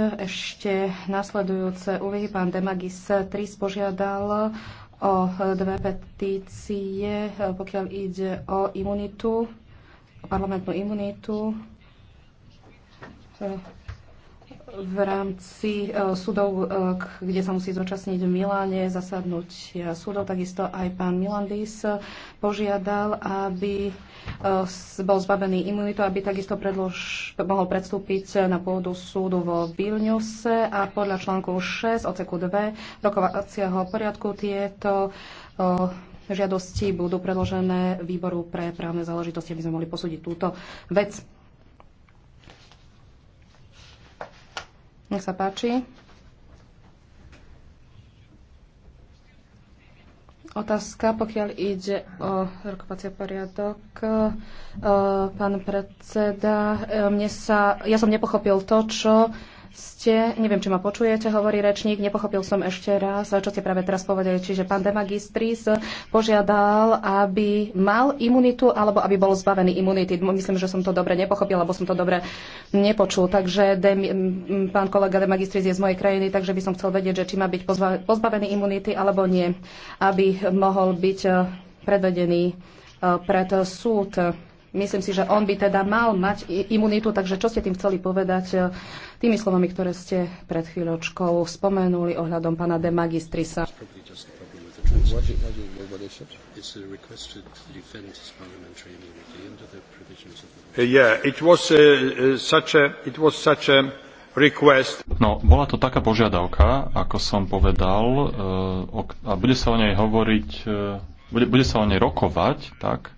ešte nasledujúce úvahy. Pán Demagis 3 požiadal o dve petície, pokiaľ ide o imunitu, o parlamentnú imunitu v rámci eh, súdov, eh, kde sa musí zúčastniť v Miláne, zasadnúť eh, súdov, takisto aj pán Milandis požiadal, aby bol zbavený imunitu, aby takisto predlož, mohol predstúpiť na pôdu súdu vo Vilniuse a podľa článku 6 oceku 2 rokovacieho poriadku tieto žiadosti budú predložené výboru pre právne záležitosti, aby sme mohli posúdiť túto vec. Nech sa páči. Otázka, pokiaľ ide o rokovací poriadok. E, pán predseda, e, mne sa, ja som nepochopil to, čo ste, neviem, či ma počujete, hovorí rečník, nepochopil som ešte raz, čo ste práve teraz povedali, čiže pán Demagistris požiadal, aby mal imunitu alebo aby bol zbavený imunity. Myslím, že som to dobre nepochopil, alebo som to dobre nepočul. Takže dem, pán kolega Demagistris je z mojej krajiny, takže by som chcel vedieť, že či má byť pozbavený imunity alebo nie, aby mohol byť eh, predvedený eh, pred súd. Myslím si, že on by teda mal mať imunitu, takže čo ste tým chceli povedať e, tými slovami, ktoré ste pred chvíľočkou spomenuli ohľadom pána de Magistrisa? Uh, uh, uh, no, bola to taká požiadavka, ako som povedal, a bude sa o nej hovoriť, bude, bude sa o nej rokovať, tak,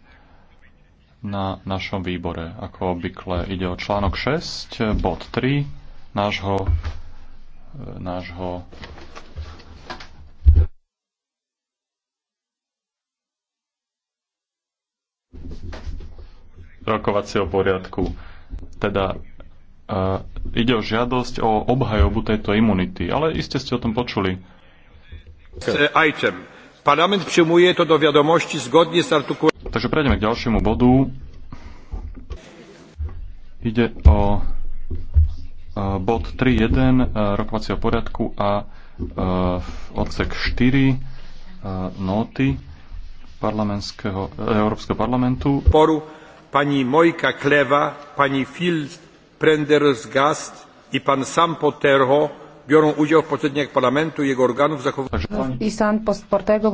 na našom výbore. Ako obvykle ide o článok 6, bod 3 nášho, nášho rokovacieho poriadku. Teda uh, ide o žiadosť o obhajobu tejto imunity, ale iste ste o tom počuli. Item. Parlament przyjmuje to do wiadomości zgodnie z artykułem... Także przejdziemy do dalszego bodu. Idzie o e, bod 3.1 e, rokovacieho poriadku a e, odsek 4 noty nóty Európskeho parlamentu. Poru pani Mojka Kleva, pani Phil Prenders Gast i pan Sam Poterho biorą udział w posiedzeniach parlamentu i jego organów zachowujących...